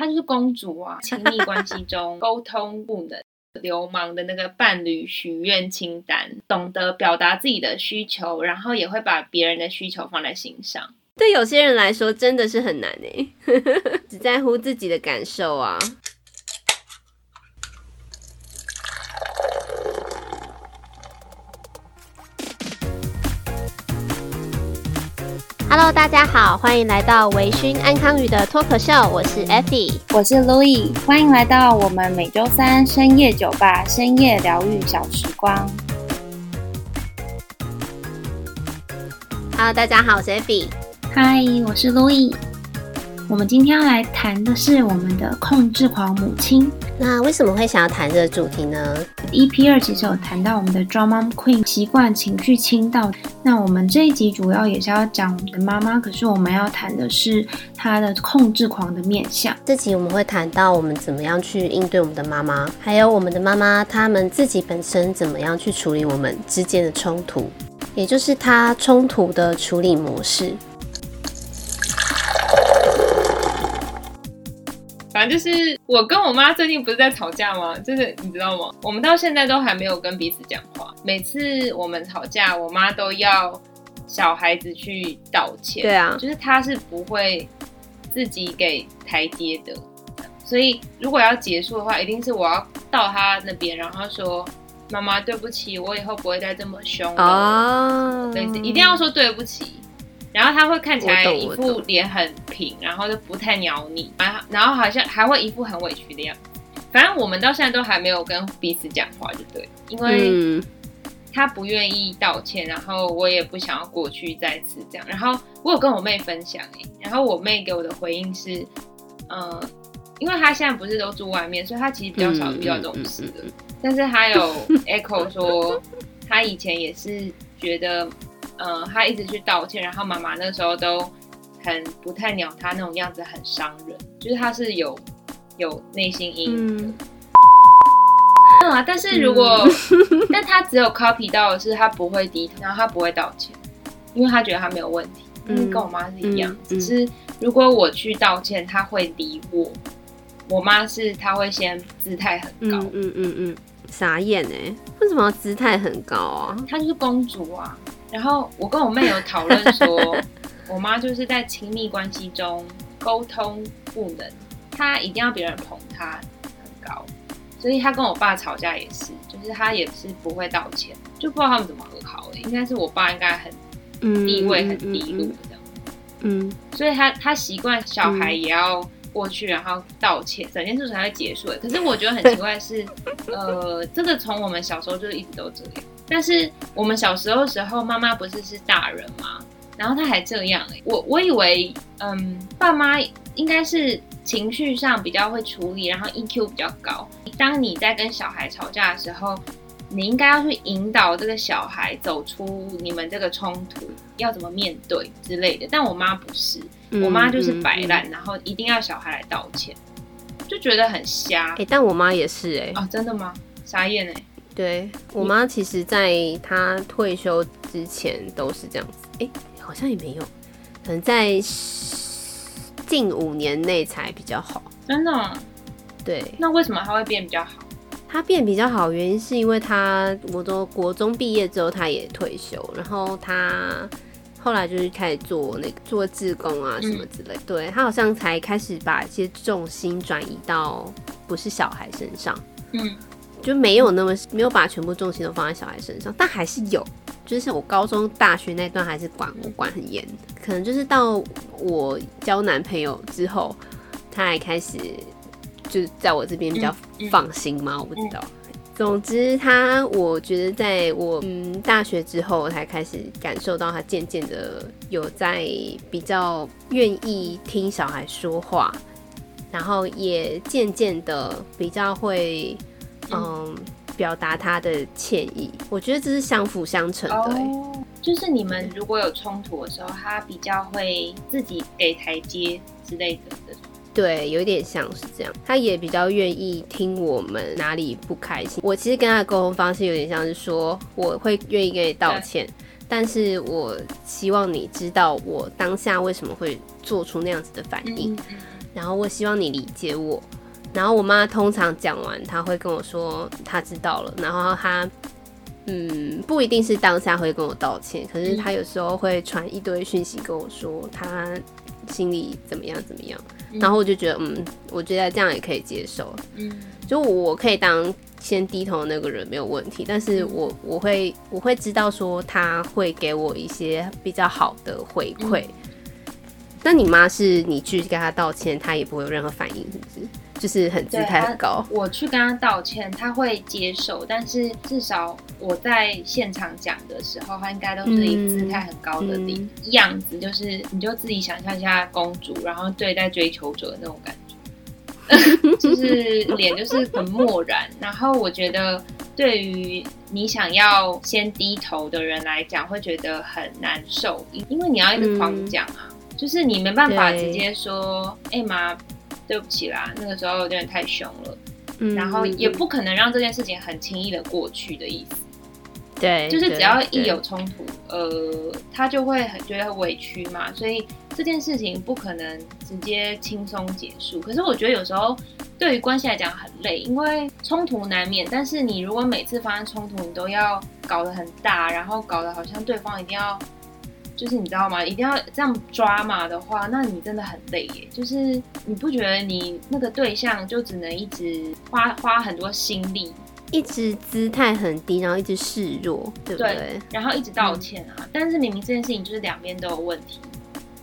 她就是公主啊！親密關係中溝 通不能，流氓的那個伴侶許願清單，懂得表達自己的需求，然後也會把別人的需求放在心上。對有些人來說，真的是很難呢。欸， 只在乎自己的感受啊。Hello，大家好，歡迎來到微醺鮟鱇魚的脫口秀，我是 Effy，我是 Louis，歡迎來到我們每周三深夜酒吧深夜療癒小時光。Hello，大家好，我是 Effy，嗨，Hi, 我是 Louis，我們今天要來談的是我們的控制狂母親。那為什麼會想要談這個主題呢？EP2 其實有談到我們的 drama queen，習慣情緒傾倒。那我們這一集主要也是要講我們的媽媽，可是我們要談的是她的控制狂的面向。這集我們會談到我們怎麼樣去應對我們的媽媽，還有我們的媽媽她們自己本身怎麼樣去處理我們之間的衝突，也就是她衝突的處理模式。啊，就是我跟我媽最近不是在吵架嗎？就是你知道嗎？我們到現在都還沒有跟彼此講話。每次我們吵架，我媽都要小孩子去道歉。對啊，就是她是不會自己給台階的。所以如果要結束的話，一定是我要到他那邊，然後說：“媽媽，對不起，我以後不會再這麼凶了。”Oh. 什麼的類似，一定要說對不起。然後他會看起來一副臉很平，然後就不太鳥你，然後好像還會一副很委屈的樣子。反正我們到現在都還沒有跟彼此講話，就對，因為他不願意道歉，然後我也不想要過去再次這樣。然後我有跟我妹分享誒，然後我妹給我的回應是，嗯、呃，因為他現在不是都住外面，所以他其實比較少遇到這種事的。嗯嗯嗯嗯、但是她有 echo 說， 他以前也是覺得。嗯、呃，他一直去道歉，然後媽媽那時候都很不太鳥他那種樣子，很傷人。就是他是有有內心陰影的，嗯、啊！但是如果，嗯、 但他只有 copy 到的是他不會低頭，然後他不會道歉，因為他覺得他沒有問題。嗯，跟我媽是一樣，嗯、只是如果我去道歉，他會理我。我媽是她會先姿態很高，嗯嗯嗯嗯，傻眼哎，為什麼姿態很高啊？她就是公主啊。然後我跟我妹有討論說， 我媽就是在親密關係中溝通不能，她一定要別人捧她很高，所以她跟我爸吵架也是，就是她也是不會道歉，就不知道他們怎麼和好的。應該是我爸應該很地位，嗯、很低落這樣，嗯，嗯所以他他習慣小孩也要過去，嗯、然後道歉，整件事情才會結束的。可是我覺得很奇怪的是， 呃，這個從我們小時候就一直都這樣。但是我們小時候時候，媽媽不是是大人嗎？然後她還這樣、欸、我我以為，嗯，爸媽應該是情緒上比較會處理，然後 EQ 比較高。當你在跟小孩吵架的時候，你應該要去引導這個小孩走出你們這個衝突，要怎麼面對之類的。但我媽不是，嗯、我媽就是擺爛，嗯、然後一定要小孩來道歉，就覺得很瞎哎、欸。但我媽也是哎、欸，啊，真的嗎？傻眼、欸，哎。對我媽，其實，在她退休之前都是這樣子。哎、欸，好像也沒有，可能在近五年內才比較好。真的？對。那為什麼她會變比較好？她變比較好，原因是因為她，我都國中畢業之後她也退休，然後她後來就是開始做那個做志工啊什麼之類。嗯、對，她好像才開始把一些重心轉移到不是小孩身上。嗯。就沒有那麼，沒有把全部重心都放在小孩身上，但還是有，就是我高中、大學那段還是管我管很嚴，可能就是到我交男朋友之後，他還開始就在我這邊比較放心嘛，我不知道。總之，他我覺得在我嗯大學之後才開始感受到他漸漸的有在比較願意聽小孩說話，然後也漸漸的比較會。嗯，um, 表達他的歉意，我覺得這是相輔相成的欸。Oh, 就是你們如果有衝突的時候，他比較會自己給台階之類的的。對，有點像是這樣。他也比較願意聽我們哪裡不開心。我其實跟他的溝通方式有點像是說，我會願意給你道歉，Yeah. 但是我希望你知道我當下為什麼會做出那樣子的反應，mm hmm. 然後我希望你理解我。然後我媽通常講完，她會跟我說她知道了。然後她嗯，不一定是當下會跟我道歉，可是她有時候會傳一堆訊息跟我說她心裡怎麼樣怎麼樣。然後我就覺得，嗯，我覺得這樣也可以接受。嗯，就我可以當先低頭的那個人沒有問題，但是我我會我會知道說他會給我一些比較好的回饋。那、嗯、你媽是你去跟她道歉，她也不會有任何反應，是不是？就是很姿態很高，我去跟他道歉，他會接受，但是至少我在現場講的時候，他應該都是以姿態很高的，的樣子，嗯嗯、就是你就自己想象一下公主，然後對待追求者的那種感覺， 就是臉就是很漠然。 然後我覺得對於你想要先低頭的人來講，會覺得很難受，因為你要一直狂講、啊，嗯、就是你沒辦法直接說，哎媽對。欸對不起啦，那個時候有點太凶了，嗯、然後也不可能讓這件事情很輕易的過去的意思。對，就是只要一有衝突，呃，他就會覺得很、就會委屈嘛，所以這件事情不可能直接輕鬆結束。可是我覺得有時候對於關係來講很累，因為衝突難免，但是你如果每次發生衝突，你都要搞得很大，然後搞得好像對方一定要。就是你知道嗎？一定要這樣抓馬的話，那你真的很累耶。就是你不覺得你那個對象就只能一直花花很多心力，一直姿態很低，然後一直示弱，對不對？對，然後一直道歉啊。嗯、但是明明這件事情就是兩邊都有問題，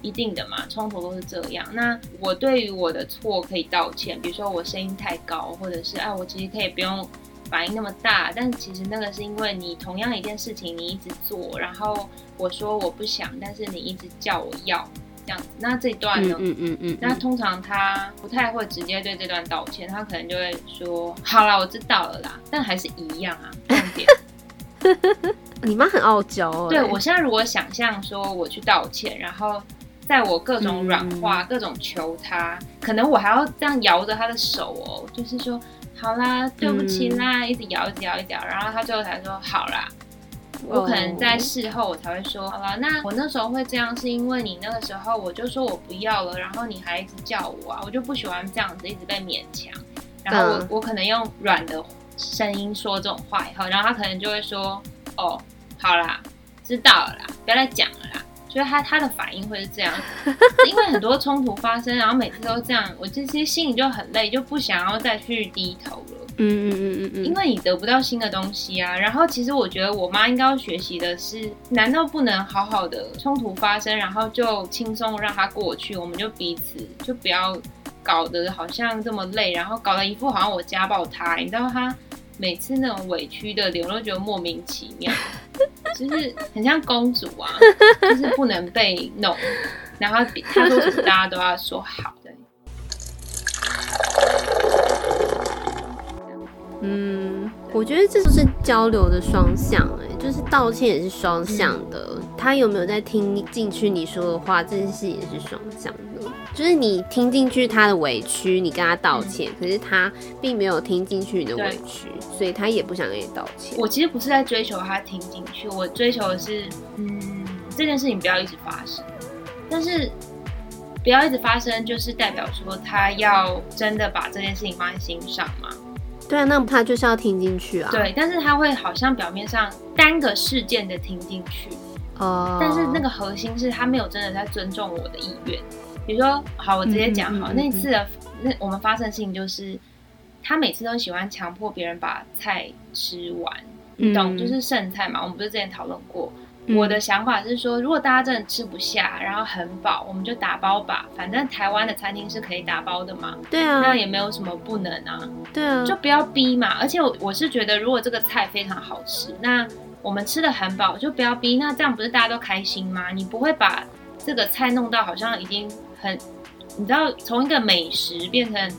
一定的嘛，衝突都是這樣。那我對於我的錯可以道歉，比如說我聲音太高，或者是哎、啊，我其實可以不用。反應那麼大，但其實那個是因為你同樣一件事情你一直做，然後我說我不想，但是你一直叫我要這樣子。那這一段呢？嗯嗯嗯。嗯嗯嗯，那通常他不太會直接對這段道歉，他可能就會說：“好啦，我知道了啦，但還是一樣啊。”重點，你媽很傲嬌哦、欸。對，我現在如果想象說我去道歉，然後在我各種軟化、嗯、各種求他，可能我還要這樣搖着他的手哦，就是說。好啦，對不起啦，嗯、一直搖一直搖一搖，然後他最後才說好啦，哦、我可能在事後我才會說，好啦。那我那時候會這樣，是因為你那個時候我就說我不要了，然後你還一直叫我啊，我就不喜歡這樣子一直被勉強。然後我、嗯、我可能用軟的聲音說這種話以後，然後他可能就會說，哦，好啦，知道了啦，不要再講了啦。就他他的反應會是這樣，因為很多衝突發生，然後每次都這樣，我這些心裡就很累，就不想要再去低頭了。嗯嗯嗯嗯嗯，因為你得不到新的東西啊。然後其實我覺得我媽應該要學習的是，難道不能好好的衝突發生，然後就輕鬆讓它過去？我們就彼此就不要搞得好像這麼累，然後搞得一副好像我家暴他，你知道他。每次那種委屈的臉都覺得莫名其妙，就是很像公主啊，就是不能被弄，然後他說什麼大家都要說好的。嗯，我覺得這就是交流的雙向哎、欸，就是道歉也是雙向的。嗯他有沒有在聽進去你說的話？這件事也是雙向的，就是你聽進去他的委屈，你跟他道歉，嗯、可是他並沒有聽進去你的委屈，對所以他也不想跟你道歉。我其實不是在追求他聽進去，我追求的是，嗯，這件事情不要一直發生。但是不要一直發生，就是代表說他要真的把這件事情放在心上嘛。對，那他就是要聽進去啊。對，但是他會好像表面上單個事件的聽進去。但是那個核心是他沒有真的在尊重我的意願。比如說，好，我直接講好，嗯、那次、嗯、那我們發生的事情就是，他每次都喜歡強迫別人把菜吃完，嗯、你懂？就是剩菜嘛。我們不是之前討論過？嗯、我的想法是說，如果大家真的吃不下，然後很飽，我們就打包吧，反正台灣的餐廳是可以打包的嘛。對啊，那也沒有什麼不能啊。對啊，就不要逼嘛。而且我我是覺得，如果這個菜非常好吃，那。我們吃的很飽，就不要逼，那這樣不是大家都開心嗎？你不會把這個菜弄到好像已經很，你知道，從一個美食變成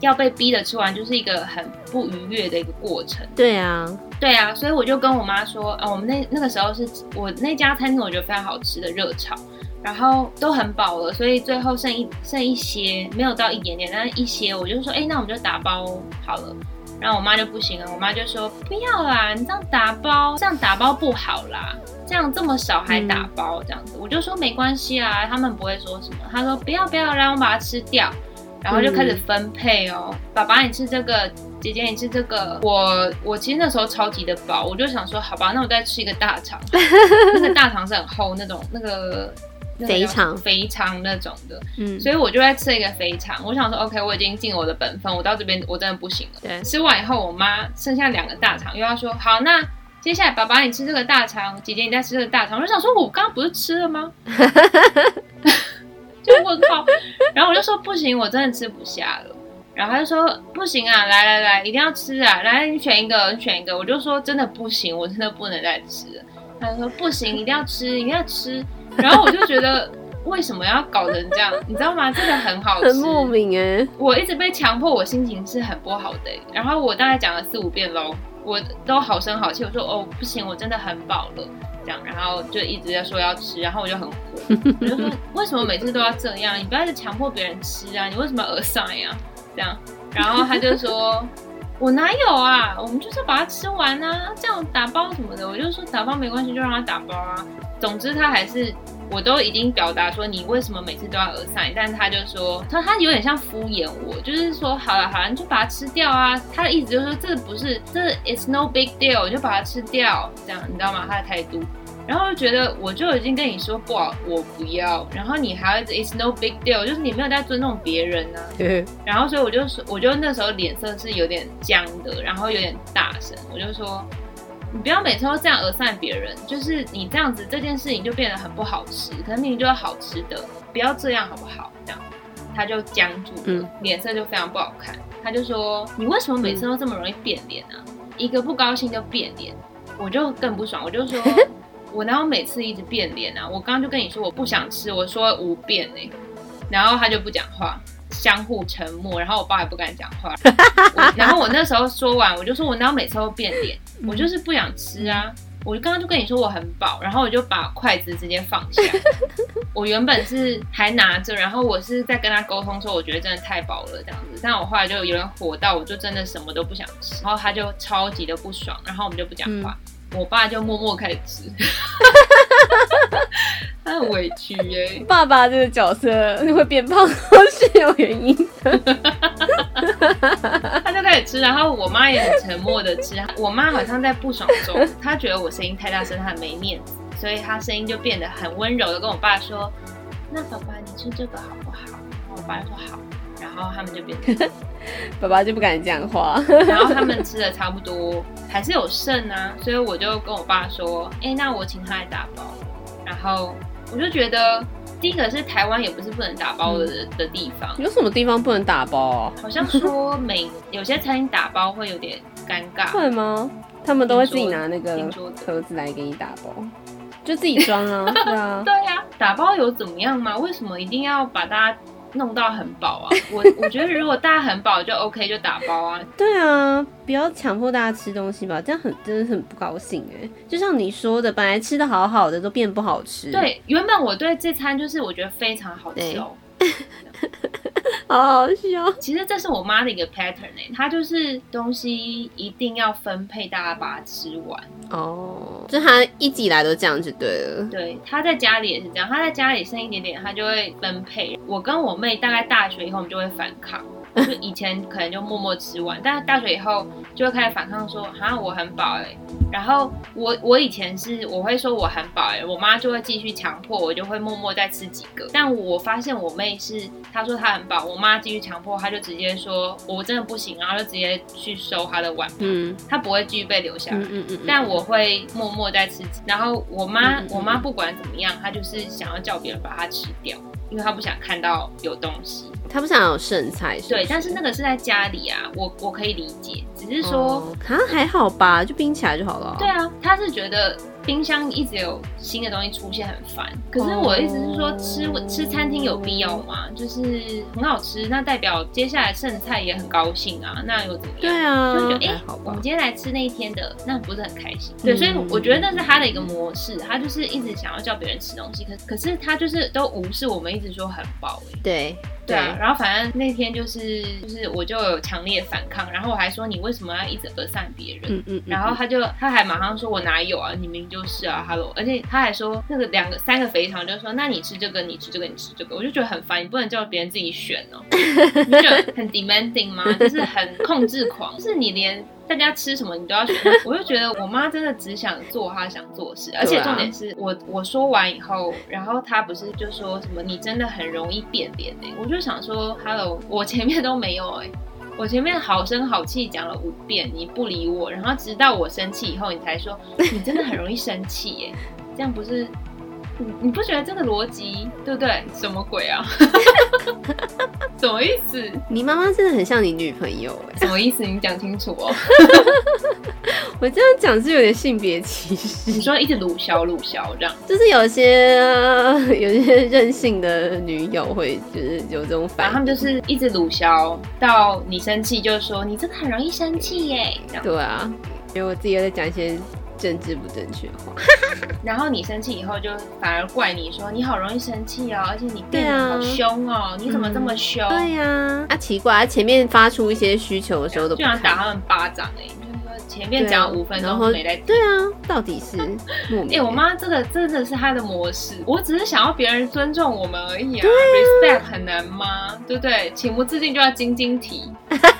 要被逼的吃完，就是一個很不愉悅的一個過程。對啊，對啊，所以我就跟我媽說，啊，我們那那個時候是我那家餐廳，我覺得非常好吃的熱炒，然後都很飽了，所以最後剩一剩一些，沒有到一點點，但一些我就說，哎，那我們就打包好了。然後我媽就不行了，我媽就說不要啦，你這樣打包，這樣打包不好啦，這樣這麼少還打包、嗯、這樣子，我就說沒關係啊，他們不會說什麼。他說不要不要啦，讓我把它吃掉，然後就開始分配哦，嗯、爸爸你吃這個，姐姐你吃這個，我我其實那時候超級的飽，我就想說好吧，那我再吃一個大腸， 那個大腸是很厚那種那個。肥腸，肥腸那種的，嗯，所以我就在吃一個肥腸，我想說，OK，我已經盡我的本分，我到這邊我真的不行了。對，吃完以後，我媽剩下兩個大腸，又要說，好，那接下來爸爸你吃這個大腸，姐姐你再吃這個大腸。我就想說，我剛剛不是吃了嗎？ 我就我靠，然後我就說不行，我真的吃不下了。然後他就說不行啊，來來來，一定要吃啊，來你選一個，你選一個。我就說真的不行，我真的不能再吃了。他就說不行，一定要吃，你一定要吃。 然後我就覺得，為什麼要搞成這樣？你知道嗎？真的很好吃。很莫名哎，我一直被強迫，我心情是很不好的、欸。然後我大概講了四五遍嘍，我都好聲好氣，我說哦不行，我真的很飽了，這樣。然後就一直在說要吃，然後我就很火，我就說為什麼每次都要這樣？你不要強迫別人吃啊，你為什麼而上呀？這樣。然後他就說。我哪有啊？我們就是要把它吃完啊，這樣打包什麼的，我就說打包沒關係，就讓他打包啊。總之他還是，我都已經表達說你為什麼每次都要而塞，但是他就說，他他有點像敷衍我，就是說好了好了，你就把它吃掉啊。他的意思就是說這不是，這 it's no big deal，我就把它吃掉，這樣你知道嗎？他的態度。然後就覺得，我就已經跟你說不好，我不要。然後你還要一直 it's no big deal，就是你沒有在尊重別人呢、啊。對。 然後所以我就說，我就那時候臉色是有點僵的，然後有點大聲，我就說，你不要每次都這樣而散別人，就是你這樣子，這件事情就變得很不好吃，可是明明就是好吃的，不要這樣好不好？這樣，他就僵住了，嗯、臉色就非常不好看。他就說，你為什麼每次都這麼容易變臉啊？嗯、一個不高興就變臉，我就更不爽，我就說。 我哪有每次一直變臉啊？我剛剛就跟你說我不想吃，我說五遍哎，然後他就不講話，相互沉默，然後我爸也不敢講話。然後我那時候說完，我就說我哪有每次都變臉，我就是不想吃啊。我剛剛就跟你說我很飽，然後我就把筷子直接放下。我原本是還拿着，然後我是在跟他溝通說，我覺得真的太飽了這樣子，但我後來就有點火到，我就真的什麼都不想吃，然後他就超級的不爽，然後我們就不講話。嗯我爸就默默開始吃， 他很委屈耶，欸。爸爸這個角色會變胖都是有原因的， 他就開始吃。然後我媽也很沉默的吃，我媽好像在不爽中，她覺得我聲音太大聲，她很沒面子，所以她聲音就變得很溫柔的跟我爸說：“那爸爸，你吃這個好不好？”我爸說：“好。”然後他們就變成 爸爸就不敢講話。 然後他們吃的差不多，還是有剩啊。所以我就跟我爸說，哎、欸，那我請他來打包。然後我就覺得，第、這、一個是台灣也不是不能打包的、嗯、的地方。有什麼地方不能打包、啊、好像說每有些餐廳打包會有點尷尬。會嗎？他們都會自己拿那個盒子來給你打包，就自己裝啊？ 對啊。對呀、啊，打包有怎麼樣嗎？為什麼一定要把大家……弄到很飽啊！我我覺得如果大家很飽就 OK，就打包啊。 對啊，不要強迫大家吃東西吧，這樣很真的很不高興誒。就像你說的，本來吃的好好的都變不好吃。對，原本我對這餐就是我覺得非常好笑。對 好，好笑，其實這是我媽的一個 pattern 呢、欸，她就是東西一定要分配，大家把它吃完。哦，oh, 就她一直以來都這樣子，對了。對，她在家裡也是這樣，她在家裡剩一點點，她就會分配。我跟我妹大概大學以後，我們就會反抗。 以前可能就默默吃完，但是大學以後就會開始反抗說，說好像我很飽哎、欸。然後我我以前是我會說我很飽哎、欸，我媽就會繼續強迫我，就會默默再吃幾個。但我發現我妹是她說她很飽，我媽繼續強迫她，就直接說我真的不行，然後就直接去收她的碗。嗯，她不會繼續被留下來。嗯嗯，但我會默默再吃幾個，然後我媽我媽不管怎麼樣，她就是想要叫別人把它吃掉。因為他不想看到有東西，他不想有剩菜，是是。對，但是那個是在家裡啊，我我可以理解，只是說，好像、嗯、還好吧，對就冰起來就好了、喔。對啊，他是覺得。冰箱一直有新的東西出現，很煩。可是我意思是說，oh. 吃吃餐廳有必要嗎？就是很好吃，那代表接下來剩菜也很高興啊，那又怎麼樣？對啊，就覺得哎，欸、好吧、我們今天來吃那一天的，那不是很開心？對，所以我覺得那是他的一個模式，他就是一直想要叫別人吃東西，可可是他就是都無視我們，一直說很飽、欸，對。對啊，然後反正那天就是就是我就有強烈反抗，然後我還說你為什麼要一直訛散別人？然後他就他還馬上說我哪有啊，你明明就是啊，hello，而且他還說那個兩個三個肥腸，就說那你吃這個，你吃這個，你吃這個，我就覺得很煩，你不能叫別人自己選哦，就很 demanding 嗎？就是很控制狂，就是你連。大家吃什麼你都要選，我就覺得我媽真的只想做她想做的事，而且重點是我我說完以後，然後她不是就說什麼你真的很容易變臉、欸、我就想說，Hello，我前面都沒有哎、欸，我前面好聲好氣講了五遍，你不理我，然後直到我生氣以後，你才說你真的很容易生氣哎，這樣不是。你不覺得這個邏輯對不對？什麼鬼啊？ 什麼意思？你媽媽真的很像你女朋友哎、欸？什麼意思？你講清楚哦、喔。 我這樣講是有點性別歧視。你說一直盧小盧小這樣，就是有些、啊、有一些任性的女友會就是有這種反應、啊。他們就是一直盧小到你生氣，就是說你真的很容易生氣耶、欸。對啊，因為我自己也在講一些。政治不正確 然後你生氣以後就反而怪你說，你好容易生氣哦，而且你變得好凶哦，啊、你怎麼這麼凶、嗯？對呀、啊，啊奇怪，他、啊、前面發出一些需求的時候都經常打他們巴掌哎、欸，就是說前面講五分鐘、啊、沒在聽，對啊，到底是哎、 欸，我媽這個真的是她的模式，我只是想要別人尊重我們而已啊，啊，respect 很難嗎？對不對？情不自禁就要晶晶體。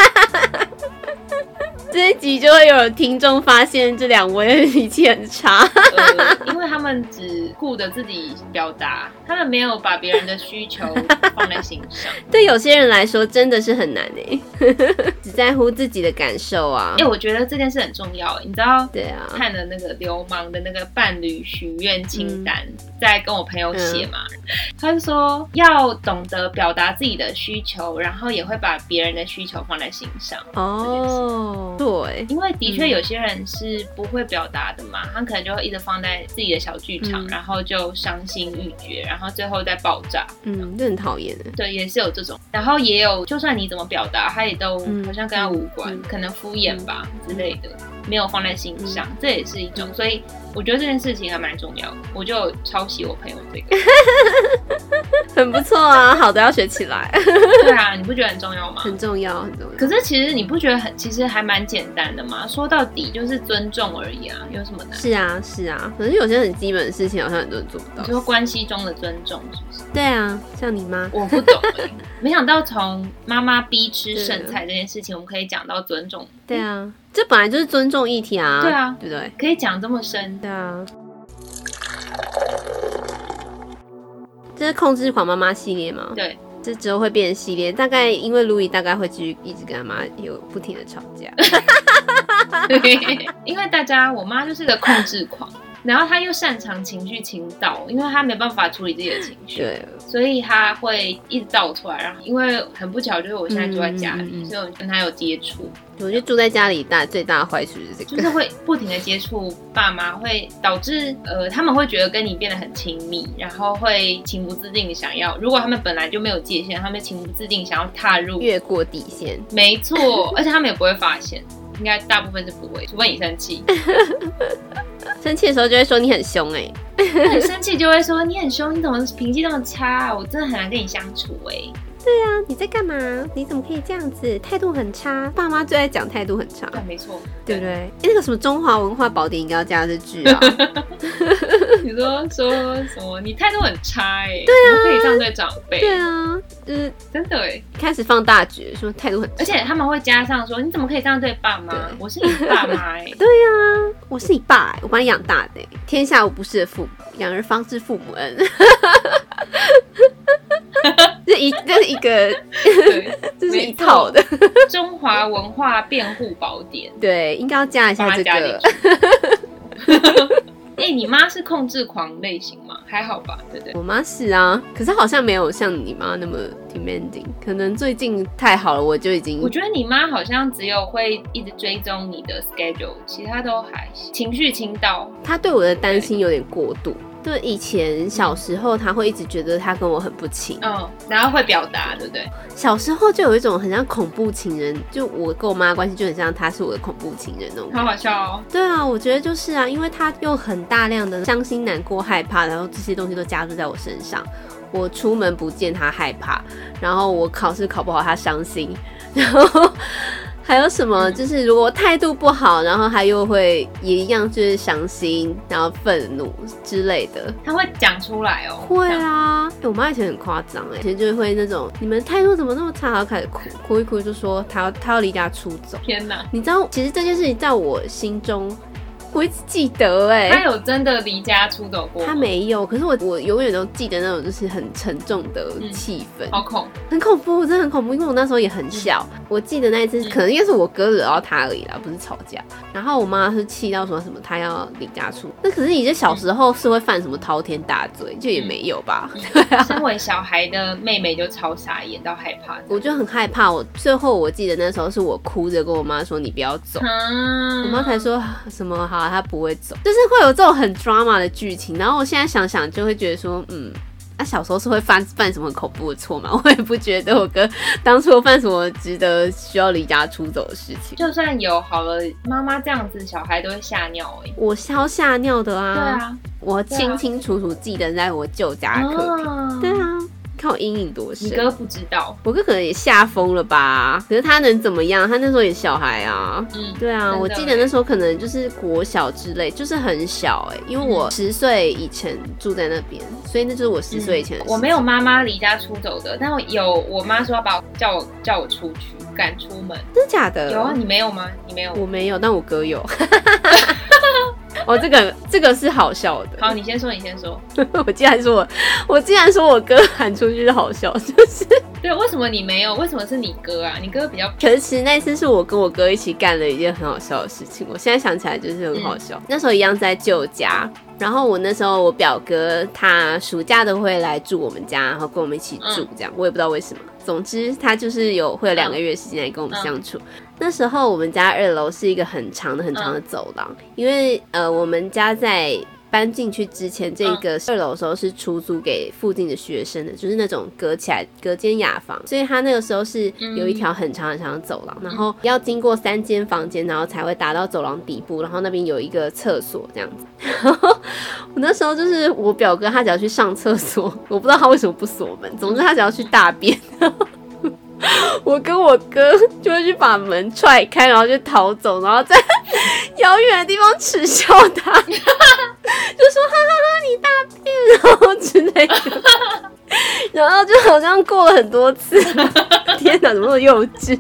這一集就會有聽眾發現這兩位脾氣很差、呃，因為他們只顧着自己表達，他們沒有把別人的需求放在心上。 對有些人來說真的是很難哎、欸， 只在乎自己的感受啊。因為我覺得這件事很重要，你知道？對啊。看了那個劉芒的那個伴侶許願清單，嗯、在跟我朋友寫嘛，嗯、他就說要懂得表達自己的需求，然後也會把別人的需求放在心上。哦、oh。對，因為的確有些人是不會表達的嘛，他可能就會一直放在自己的小劇場，然後就傷心欲絕，然後最後再爆炸，嗯，就很討厭。對，也是有這種，然後也有，就算你怎麼表達，他也都好像跟他無關，可能敷衍吧之類的，沒有放在心上，這也是一種，所以。我覺得這件事情還蠻重要的，我就抄襲我朋友這個， 很不錯啊，好的要學起來。 對啊，你不覺得很重要嗎？很重要，很重要。可是其實你不覺得很，其實還蠻簡單的嗎？說到底就是尊重而已啊，有什麼難？是啊，是啊。可是有些很基本的事情，好像很多人做不到。就是關係中的尊重是不是？是對啊。像你媽， 我不懂欸。沒想到從媽媽逼吃剩菜這件事情，了我們可以講到尊重。對啊。這本來就是尊重議題啊，對啊，對不對？可以講這麼深，對啊。這是控制狂媽媽系列嗎？對，這之後會變成系列，大概因為路易大概會繼續一直跟他媽有不停的吵架， 對，因為大家我媽就是個控制狂。 然後他又擅長情緒傾倒，因為他沒辦法處理自己的情緒，對所以他會一直倒出來。然後因為很不巧，就是我現在住在家裡，嗯嗯嗯、所以我跟他有接觸。我覺得住在家裡大對最大的壞處就是、這個，就是會不停的接觸爸媽，會導致呃，他們會覺得跟你變得很親密，然後會情不自禁的想要，如果他們本來就沒有界限，他們情不自禁想要踏入，越過底線。沒錯，而且他們也不會發現， 應該大部分是不會，除非你生氣。 生氣的時候就會說你很兇哎，很生氣就會說你很兇，你怎麼脾氣那麼差啊？我真的很難跟你相處哎、欸。對呀、啊，你在幹嘛？你怎麼可以這樣子？態度很差，爸媽最愛講態度很差，沒錯，對不對？哎，那個什麼《中華文化寶典》應該要加這句啊。 你說說什麼？你態度很差哎、欸。對啊，你可以這樣對長輩？對啊，嗯，真的哎、欸，開始放大絕，說態度很差。而且他們會加上說：“你怎麼可以這樣對爸媽對、欸啊？我是你爸媽哎。”對呀，我是你爸，我把你養大的、欸，天下無不是的父母，養兒方知父母恩。這 一這、就是一個，這對 是一套的中華文化辯護寶典。對，應該要加一下這個。哎 欸，你媽是控制狂類型嗎？還好吧？對對，對，我媽是啊，可是好像沒有像你媽那麼 demanding。可能最近太好了，我就已經。我覺得你媽好像只有會一直追蹤你的 schedule，其他都還行，情緒傾倒。對她對我的擔心有點過度。對，以前小時候，他會一直覺得他跟我很不親，嗯，然後會表達，對不對？小時候就有一種很像恐怖情人，就我跟我媽關係就很像，他是我的恐怖情人那種，好好笑哦。對啊，我覺得就是啊，因為他用很大量的傷心、難過、害怕，然後這些東西都加注在我身上。我出門不見他害怕，然後我考試考不好他傷心，然後。還有什麼？就是如果態度不好，嗯、然後他又會也一樣，就是傷心，然後憤怒之類的。他會講出來哦。會啊，這樣。欸、我媽以前很誇張、欸，哎，其實就是會那種你們態度怎麼那麼差，然後開始哭，哭一哭就說他要他要離家出走。天哪！你知道，其實這件事情在我心中。我一直記得哎、欸，他有真的離家出走過？他沒有，可是我我永遠都記得那種就是很沉重的氣氛、嗯，好恐，很恐怖，真的很恐怖，因為我那時候也很小。嗯、我記得那一次、嗯、可能應該是我哥惹到他而已啦，不是吵架。然後我媽是氣到說什麼他要離家出？那可是你這小時候是會犯什麼滔天大罪？就也沒有吧？對啊、嗯。 身為小孩的妹妹就超傻眼到害怕，我就很害怕。我最後我記得那時候是我哭着跟我媽說你不要走，嗯、我媽才說什麼好。他不會走，就是會有這種很 drama 的劇情。然後我現在想想，就會覺得說，嗯，那、啊、小時候是會犯犯什麼很恐怖的錯嗎？我也不覺得我哥當初犯什麼值得需要離家出走的事情。就算有好了，媽媽這樣子，小孩都會嚇尿、欸、我消嚇尿的啊，啊！對啊，我清清楚楚記得在我舅家可、oh. 對啊。看我陰影多深？你哥不知道，我哥可能也嚇瘋了吧？可是他能怎麼樣？他那時候也是小孩啊。嗯，對啊，的的我記得那時候可能就是國小之類，就是很小哎、欸。因為我十歲以前住在那邊，嗯、所以那就是我十歲以前的、嗯。我沒有媽媽離家出走的，但我有我媽說要把我叫我叫我出去趕出門，真的假的？有啊，你沒有嗎？你沒有？我沒有，但我哥有。 哦，這個這個是好笑的。好，你先說，你先說。 我竟然說我，我竟然說我哥喊出去是好笑，就是對。為什麼你沒有？為什麼是你哥啊？你哥比較，可是那次是我跟我哥一起幹了一件很好笑的事情。我現在想起來就是很好笑，嗯、那時候一樣在舊家，然後我那時候我表哥他暑假都會來住我們家，然後跟我們一起住，這樣、嗯、我也不知道為什麼。總之他就是有會有兩個月時間來跟我們相處。嗯嗯那時候我們家二樓是一個很長的很長的走廊，因為呃，我們家在搬進去之前這個二樓的時候是出租給附近的學生的，就是那種隔起來隔間雅房，所以他那個時候是有一條很長很長的走廊，然後要經過三間房間，然後才會達到走廊底部，然後那邊有一個廁所這樣子。 我那時候就是我表哥，他只要去上廁所，我不知道他為什麼不鎖門，總之他只要去大便。 我跟我哥就會去把門踹開，然後就逃走，然後在遙遠的地方恥笑他，就說哈哈哈，你大便然後之類的。然後就好像過了很多次，天哪，怎麼那麼幼稚？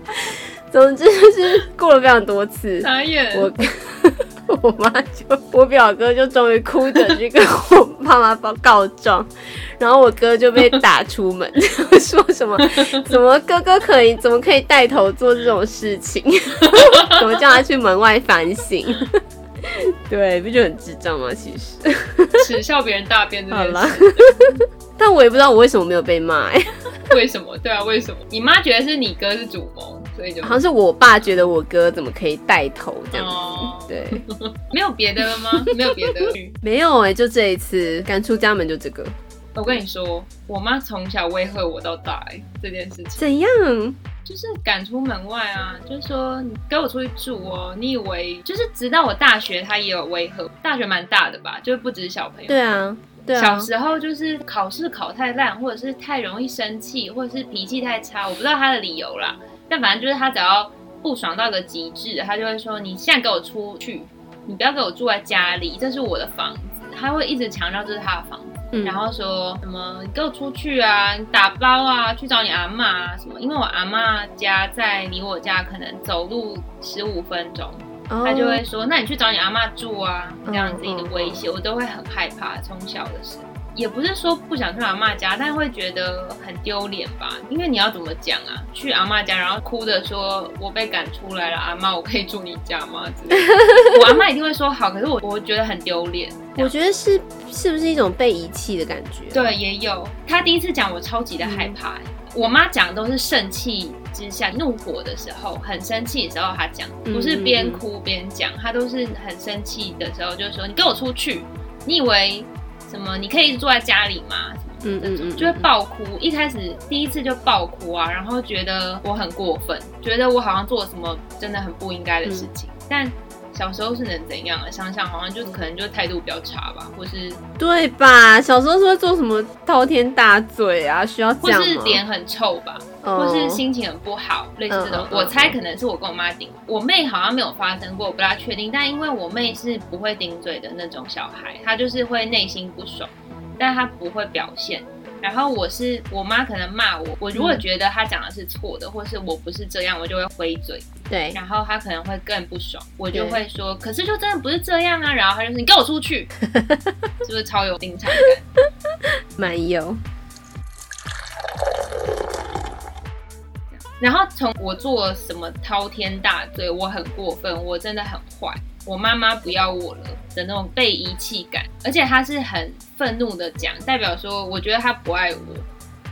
總之就是過了非常多次，傻眼，我。我媽就我表哥就終於哭着去跟我爸媽告告狀，然後我哥就被打出門， 說什麼怎麼哥哥可以怎麼可以帶頭做這種事情， 怎麼叫他去門外反省？ 對，不就很智障嗎？其實恥笑別人大便，好了，但我也不知道我為什麼沒有被罵呀、欸？ 為什麼？對啊，為什麼？你媽覺得是你哥是主謀。所以就，好像是我爸覺得我哥怎麼可以帶頭這樣子，oh. 對， 沒有別的了嗎？沒有別的， 沒有哎、欸，就這一次趕出家門就這個。我跟你說，我媽從小威嚇我到大、欸、這件事情，怎樣？就是趕出門外啊，就是說你給我出去住哦、喔。你以為就是直到我大學，她也有威嚇，大學蠻大的吧，就是不止小朋友。對啊，對啊，小時候就是考試考太爛，或者是太容易生氣，或者是脾氣太差，我不知道她的理由啦。 但反正就是他只要不爽到個極致，他就會說：“你現在給我出去，你不要給我住在家裡，這是我的房子。”他會一直強調這是他的房子，嗯、然後說什麼“你給我出去啊，你打包啊，去找你阿媽啊什麼”，因為我阿媽家在離我家可能走路十五分鐘，他就會說：“那你去找你阿媽住啊”，這樣子一個威脅我都會很害怕，從小的時候。也不是說不想去阿媽家，但會覺得很丟臉吧？因為你要怎麼講啊？去阿媽家，然後哭著說：“我被趕出來了，阿媽，我可以住你家嗎？” 我阿媽一定會說好，可是我我覺得很丟臉。我覺得是是不是一種被遺棄的感覺？對，也有。她第一次講，我超級的害怕欸。嗯，我媽講的都是盛氣之下、怒火的時候，很生氣的時候，她講不是邊哭邊講，她都是很生氣的時候就是說：“你跟我出去！”你以為？什麼？你可以一直坐在家裡嗎？什麼？嗯嗯嗯，就會爆哭。一開始第一次就爆哭啊，然後覺得我很過分，覺得我好像做了什麼真的很不應該的事情。但小時候是能怎樣啊？想想好像就可能就態度比較差吧，或是對吧？小時候是會做什麼滔天大罪啊？需要或是臉很臭吧？或是心情很不好，oh. 類似的。Oh, oh, oh, oh. 我猜可能是我跟我媽頂，我妹好像沒有發生過，我不大確定。但因為我妹是不會頂嘴的那種小孩，她就是會內心不爽，但她不會表現。然後我是我媽可能罵我，我如果覺得她講的是錯的，嗯、或是我不是這樣，我就會回嘴。對，然後她可能會更不爽，我就會說，對可是就真的不是這樣啊。然後她就說，是，你給我出去， 是不是超有精彩感？’沒有。 然後從我做什麼滔天大罪，我很過分，我真的很壞，我媽媽不要我了的那種被遺棄感，而且他是很憤怒的講，代表說我覺得他不愛我，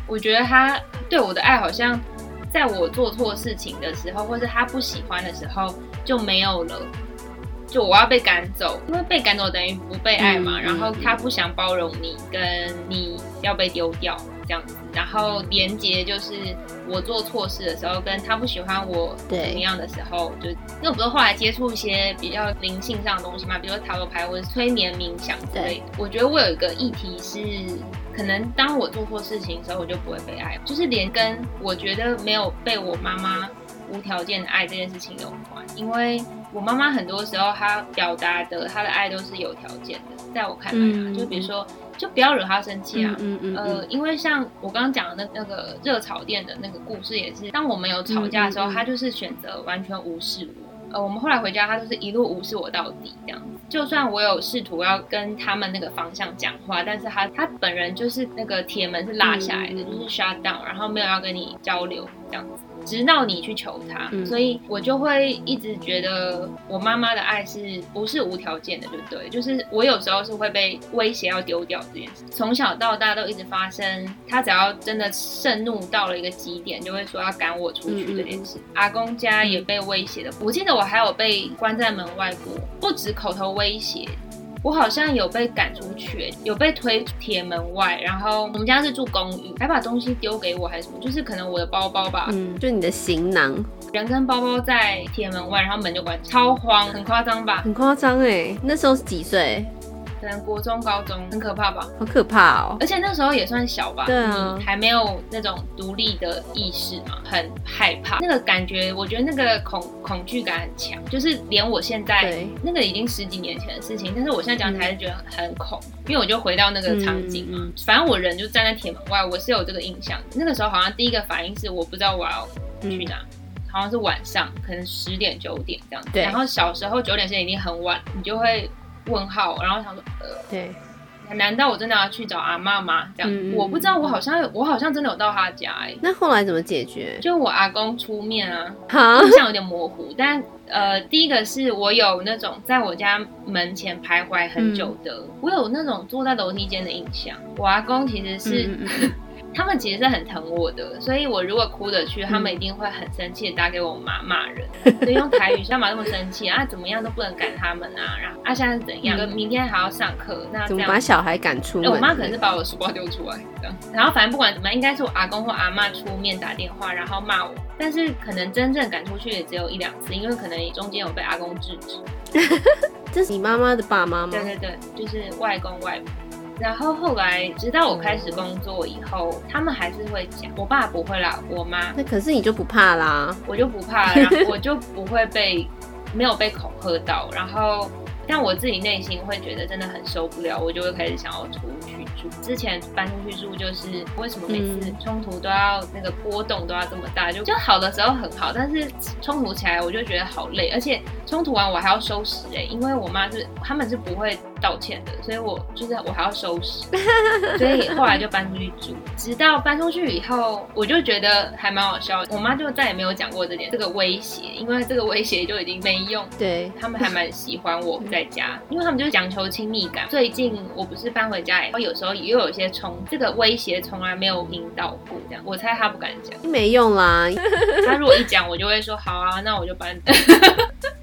我覺得他對我的愛好像在我做錯事情的時候，或是他不喜歡的時候就沒有了，就我要被趕走，因為被趕走等於不被愛嘛，嗯、然後他不想包容你，跟你要被丟掉這樣。然後連接就是我做錯事的時候，跟他不喜歡我怎麼樣的時候，對就那我不是後來接觸一些比較靈性上的東西嘛，比如說塔羅牌，或者催眠、冥想之類的。對我覺得我有一個議題是，可能當我做錯事情的時候，我就不會被愛，就是連跟我覺得沒有被我媽媽無條件的愛這件事情有關。因為我媽媽很多時候她表達的她的愛都是有條件的，在我看來，嗯嗯，就比如說。就不要惹他生氣啊。嗯嗯。嗯嗯呃，因為像我剛剛講的那那個熱炒店的那個故事，也是當我們有吵架的時候，嗯嗯、他就是選擇完全無視我。呃，我們後來回家，他就是一路無視我到底這樣。就算我有試圖要跟他們那個方向講話，但是他他本人就是那個鐵門是拉下來的，嗯嗯、就是 shut down，然後沒有要跟你交流這樣子。直到你去求他，嗯、所以我就會一直覺得我媽媽的愛是不是無條件的，對不對？就是我有時候是會被威脅要丟掉這件事，從小到大都一直發生。他只要真的盛怒到了一個極點，就會說要趕我出去這件事。嗯嗯，阿公家也被威脅的，嗯、我記得我還有被關在門外過，不止口頭威脅。我好像有被趕出去，有被推鐵門外，然後我們家是住公寓，還把東西丟給我還是什麼，就是可能我的包包吧，嗯，就你的行囊，人跟包包在鐵門外，然後門就關，超慌，很誇張吧？很誇張欸，那時候是幾歲？可能國中、高中很可怕吧，好可怕哦！而且那時候也算小吧，嗯、啊，你還沒有那種獨立的意識嘛，很害怕。那個感覺，我覺得那個恐恐懼感很強，就是連我現在對那個已經十幾年前的事情，但是我現在講還是覺得很，很恐，因為我就回到那個場景嘛。嗯、反正我人就站在鐵門外，我是有這個印象的。那個時候好像第一個反應是我不知道我要去哪，嗯、好像是晚上，可能十點九點這樣子。對。然後小時候九點是已經很晚，你就會。問號，然後想說，呃，對，難道我真的要去找阿嬤嗎？這樣，嗯、我不知道，我好像我好像真的有到他家，欸。哎，那後來怎麼解決？就我阿公出面啊，哈印象有點模糊，但呃，第一個是我有那種在我家門前徘徊很久的，嗯、我有那種坐在樓梯間的印象。我阿公其實是嗯嗯。 他們其實是很疼我的，所以我如果哭着去，嗯、他們一定會很生氣，打給我媽罵人。所以用台語，像媽那麼生氣啊，怎麼樣都不能趕他們啊，然後啊現在是怎樣？嗯、明天還要上課，那怎麼把小孩趕出來？我媽可能是把我的書包丟出來，嗯、然後反正不管怎麼樣，應該是我阿公或阿媽出面打電話，然後罵我。但是可能真正趕出去也只有一兩次，因為可能中間有被阿公制止。這是你媽媽的爸媽嗎？對對對，就是外公外婆。然後後來，直到我開始工作以後，嗯、他們還是會講。我爸不會啦，我媽。那可是你就不怕啦？我就不怕了， 然後我就不會被沒有被恐嚇到。然後，但我自己內心會覺得真的很受不了，我就會開始想要出去住。之前搬出去住就是為什麼每次衝突都要、嗯、那個波動都要這麼大？就就好的時候很好，但是衝突起來我就覺得好累，而且衝突完我還要收拾哎、欸，因為我媽是他們是不會。道歉的，所以我就是我還要收拾，所以後來就搬出去住。直到搬出去以後，我就覺得還蠻好笑。我媽就再也沒有講過這點這個威脅，因為這個威脅就已經沒用。對，他們還蠻喜歡我在家，嗯、因為他們就講求親密感。最近我不是搬回家以後，有時候又有一些衝，這個威脅從來沒有引導過這樣。我猜他不敢講，沒用啦。他如果一講，我就會說好啊，那我就搬走。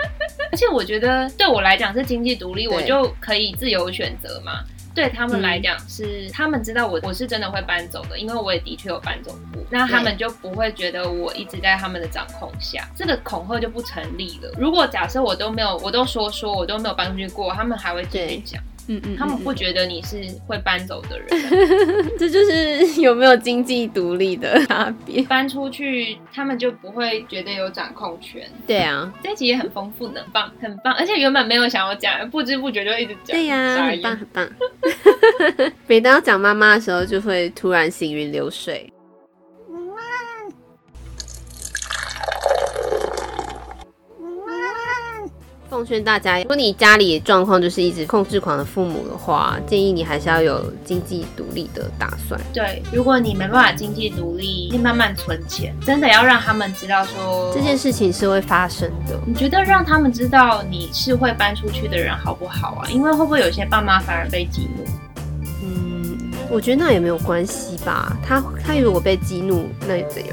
而且我覺得，對我來講是經濟獨立，對我就可以自由選擇嘛。對他們來講，是、嗯、他們知道我我是真的會搬走的，因為我也的確有搬走過，對那他們就不會覺得我一直在他們的掌控下，這個恐嚇就不成立了。如果假設我都沒有，我都說說我都沒有搬出去過，他們還會繼續講。嗯嗯，嗯嗯，他們不覺得你是會搬走的人， 這就是有沒有經濟獨立的差別。搬出去，他們就不會覺得有掌控權。對啊，這一集也很豐富的，很棒，很棒。而且原本沒有想要講，不知不覺就一直講。對呀、啊，很棒，很棒。 每當講媽媽的時候，就會突然行雲流水。奉勸大家，如果你家裡的狀況就是一直控制狂的父母的話，建議你還是要有經濟獨立的打算。對，如果你沒辦法經濟獨立，你慢慢存錢，真的要讓他們知道說、嗯、這件事情是會發生的。你覺得讓他們知道你是會搬出去的人好不好啊？因為會不會有些爸媽反而被激怒？嗯，我覺得那也沒有關係吧。他他如果被激怒，那又怎樣？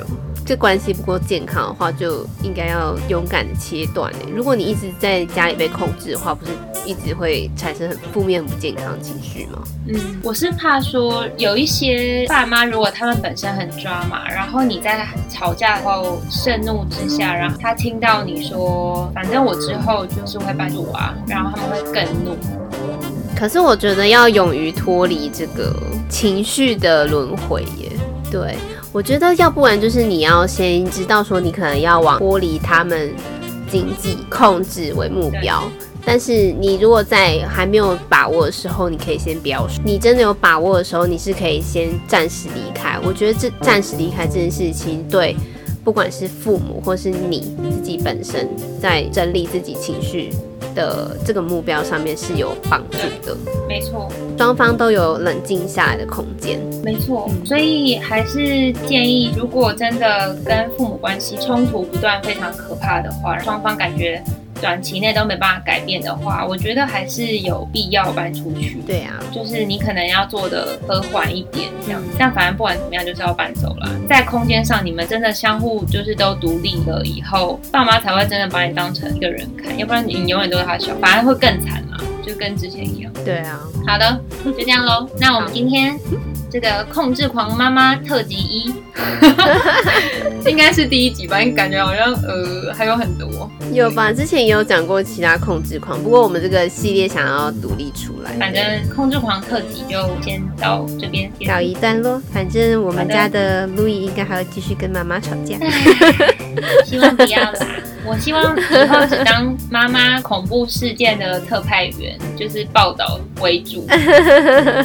這關係不夠健康的話，就應該要勇敢的切斷。如果你一直在家裡被控制的話，不是一直會產生很負面、不健康的情緒嗎？嗯，我是怕說有一些爸媽，如果他們本身很抓馬，然後你在吵架後盛怒之下，然後他聽到你說“反正我之後就是會幫助我啊”，然後他們會更怒。可是我覺得要勇於脫離這個情緒的輪迴耶。對。我覺得，要不然就是你要先知道說，你可能要往脫離他們經濟控制為目標。但是你如果在還沒有把握的時候，你可以先不要說。你真的有把握的時候，你是可以先暫時離開。我覺得這暫時離開這件事情，對，不管是父母或是你，你自己本身，在整理自己情緒。的這個目標上面是有幫助的，沒錯，雙方都有冷靜下來的空間，沒錯、嗯，所以還是建議，如果真的跟父母關係衝突不斷，非常可怕的話，雙方感覺，短期內都沒辦法改變的話，我覺得還是有必要搬出去。對啊，就是你可能要做的和緩一點這樣。嗯、但反正不管怎麼樣，就是要搬走了。嗯、在空間上，你們真的相互就是都獨立了以後，爸媽才會真的把你當成一個人看，要不然你永遠都是他小，嗯、反而會更慘嘛，就跟之前一樣。對啊。好的，就這樣嘍。 那我們今天這個控制狂媽媽特輯一， 應該是第一集吧？你感覺好像呃還有很多。有吧，之前也有講過其他控制狂，不過我們這個系列想要獨立出來，反正控制狂特輯就先到這邊告一段落咯。反正我們家的路易應該還要繼續跟媽媽吵架、嗯，希望不要。 我希望以後只當媽媽恐怖事件的特派員，就是報道為主，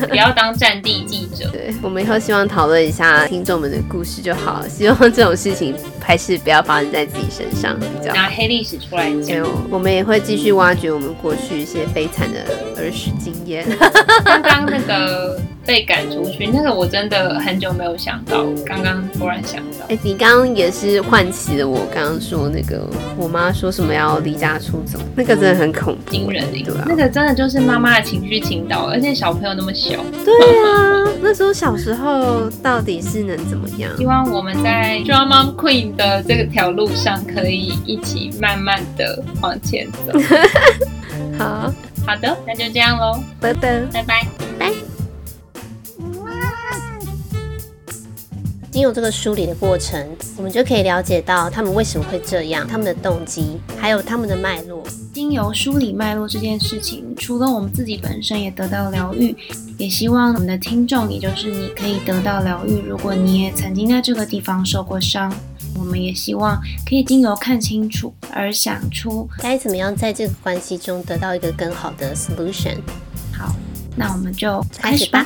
不要當戰地記者。對，我們以後希望討論一下聽眾們的故事就好，希望這種事情。還是不要發生在自己身上比較。拿黑歷史出來講，哦，我們也會繼續挖掘我們過去一些悲慘的兒時經驗。 剛剛那個被趕出去，那個我真的很久沒有想到，剛剛突然想到。哎，你剛剛也是喚起了我，剛剛說的那個我媽說什麼要離家出走，那個真的很恐怖的、驚人，一個吧，啊？那個真的就是媽媽的情緒傾倒，而且小朋友那麼小，對啊。 說小時候到底是能怎麼樣？希望我們在 Drama Queen 的這條路上，可以一起慢慢的往前走。 好，好的，那就這樣咯噔拜拜，拜拜 Bye，拜。經由這個梳理的過程，我們就可以了解到他們為什麼會這樣，他們的動機，還有他們的脈絡。經由梳理脈絡這件事情，除了我們自己本身也得到療癒。也希望我們的聽眾，也就是你可以得到療癒。如果你也曾經在這個地方受過傷，我們也希望可以經由看清楚而想出該怎麼樣在這個關係中得到一個更好的 solution。好，那我們就開始吧。